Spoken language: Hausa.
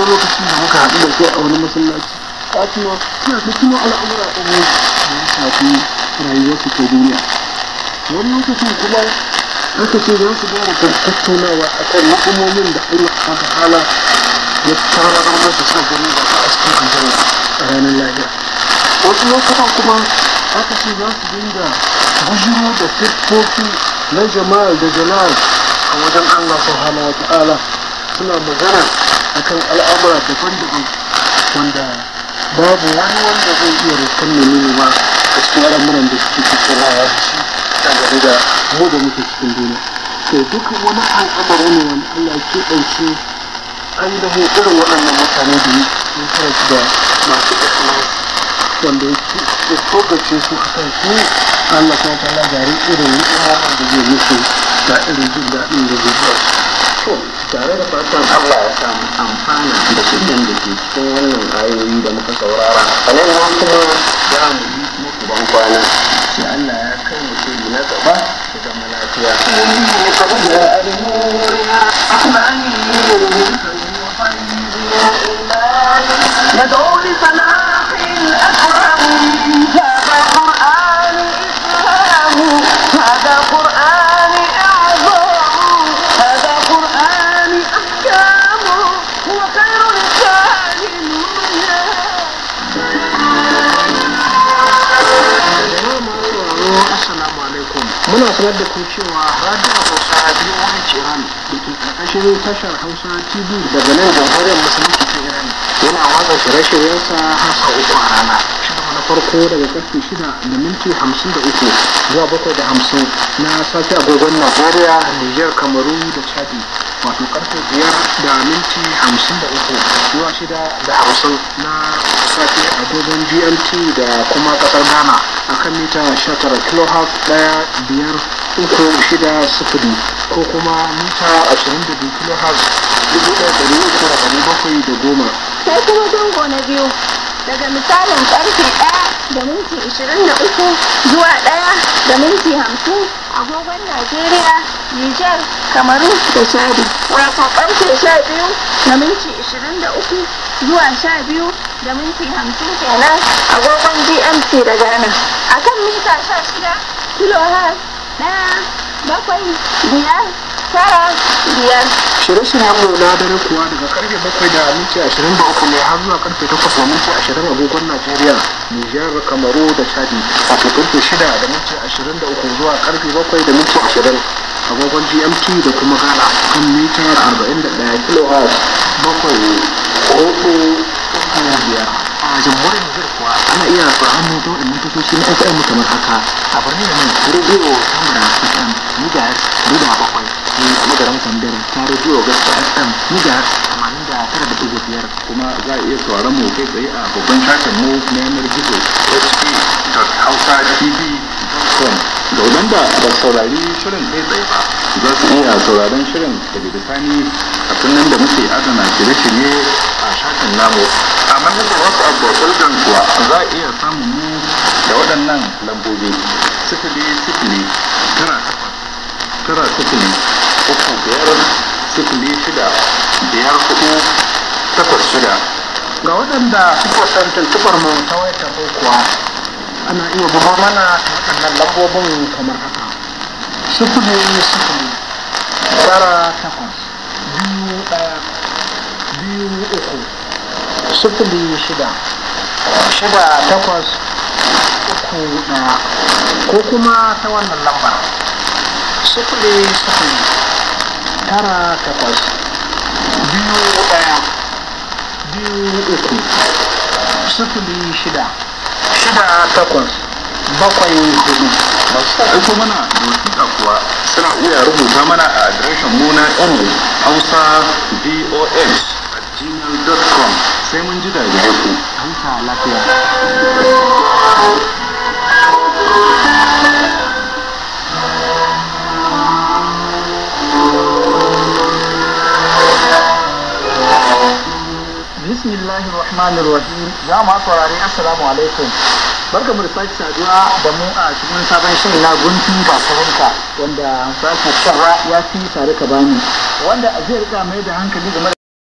akwai lokacin da muka haɗu da ke a wani masallaci ka tuno suna da kuma al'amura ɗin da ya shafi rayuwarsu ta duniya wani lokacin kuma aka ce za su gama tattaunawa a kan hukumomin da Allah ta ta'ala ya tarar masa sa gani ba ta a cikin aljanna a ranar lafiya wasu lokutan kuma aka ce za su dinga bujiro da siffofi na jama'a da jalal a wajen Allah subhanahu ta'ala suna magana akan al'amura daban-daban wanda babu wani wanda zai iya rikon nuna ba da cikin al'amuran da suke cikin rawa da shi dangane da mu da muke cikin duniya to duk wani al'amura ne wanda Allah ke keɓance an da irin waɗannan mutane da ya su da masu ikhlasi wanda ya ci da tsokace su a kan su Allah ta ta lagari irin ni'imar da zai musu da irin jin daɗin da zai ba su tare da fatan Allah ya samu amfana da kullum da ke cikin wannan ayoyi da muka saurara a nan kuma za mu yi muku ban kwana sai Allah ya kai mu shiri na gaba su zama lafiya muna sanar da ku cewa radio hausa biyu wani iran da ke karkashin tashar hausa tv daga nan jamhuriyar musulunci ta iran yana watsa shirye-shiryensa har sau uku a rana shirin na farko daga karfe shida da minti hamsin da uku zuwa bakwai da hamsin na safe agogon najeriya niger kamaru da chadi wato karfe biyar da minti hamsin da uku shida da hamsin na a agogon gmt da kuma kasar ghana a kan mita 19 kilohertz daya biyar uku shida ko kuma mita 22 kilohertz dubu ɗaya ɗari uku da bakwai da goma sai kuma dongo na biyu daga misalin karfe daya da minti 23 zuwa daya da minti 50 agogon Najeriya, Nijar, Kamaru da Chadi. Wato ƙarfe sha biyu da minti ishirin da uku zuwa sha biyu da minti hamsin kenan agogon GMT da Ghana. A kan mita sha shida har ɗaya bakwai biyar tara biyar shirye-shiryen mu na dare kuwa daga karfe bakwai da minti ashirin da uku ne har zuwa karfe takwas da minti ashirin agogon najeriya nijar kamaru da chadi wato karfe shida da minti ashirin da uku zuwa karfe bakwai da minti ashirin agogon gmt da kuma ghana kan mita arba'in da ɗaya kilohertz bakwai hudu uku biyar a jamhuriyar nijar kuwa ana iya samun da waɗannan tashoshi na fm kamar haka a birnin nan rediyo tamara fm megahertz da bakwai ne a magaran kwandar ta a gaskiya fm nijar tamanin da tara da biyar kuma za a iya sauraron mu kai tsaye a babban shafin mu na yanar gizo hp.hausa.tv.com ga wadanda ba saurari shirin kai tsaye ba za su iya sauraron shirin daga bisani a sunan da muke adana shirye-shirye a shafin namu a manhajar wasu abubuwan kuwa za a iya samun mu da waɗannan lambobi sifili sifili tara sifili uku biyar sifili shida biyar hudu takwas shida ga waɗanda suka san tuntubar mu ta wayar kuwa ana iya buga mana ta waɗannan lambobin kamar haka sifili sifili tara takwas biyu ɗaya biyu uku sifili shida shida takwas uku ɗaya ko kuma ta wannan lambar sifili sifili tara takwas biyu daya biyu uku sufuli shida shida takwas bakwai hudu masu aiko mana da kuwa suna iya rubuta mana a adireshin mu na hausa bos gmail.com sai mun ji daga ku. Hanta lafiya. bismillahir rahmanir rahim za mu saurare assalamu alaikum barka mu da sake saduwa da mu a cikin sabon shirin na guntun kasuwanka wanda sake sarra ya fi tare ka bani wanda zai rika mai da hankali game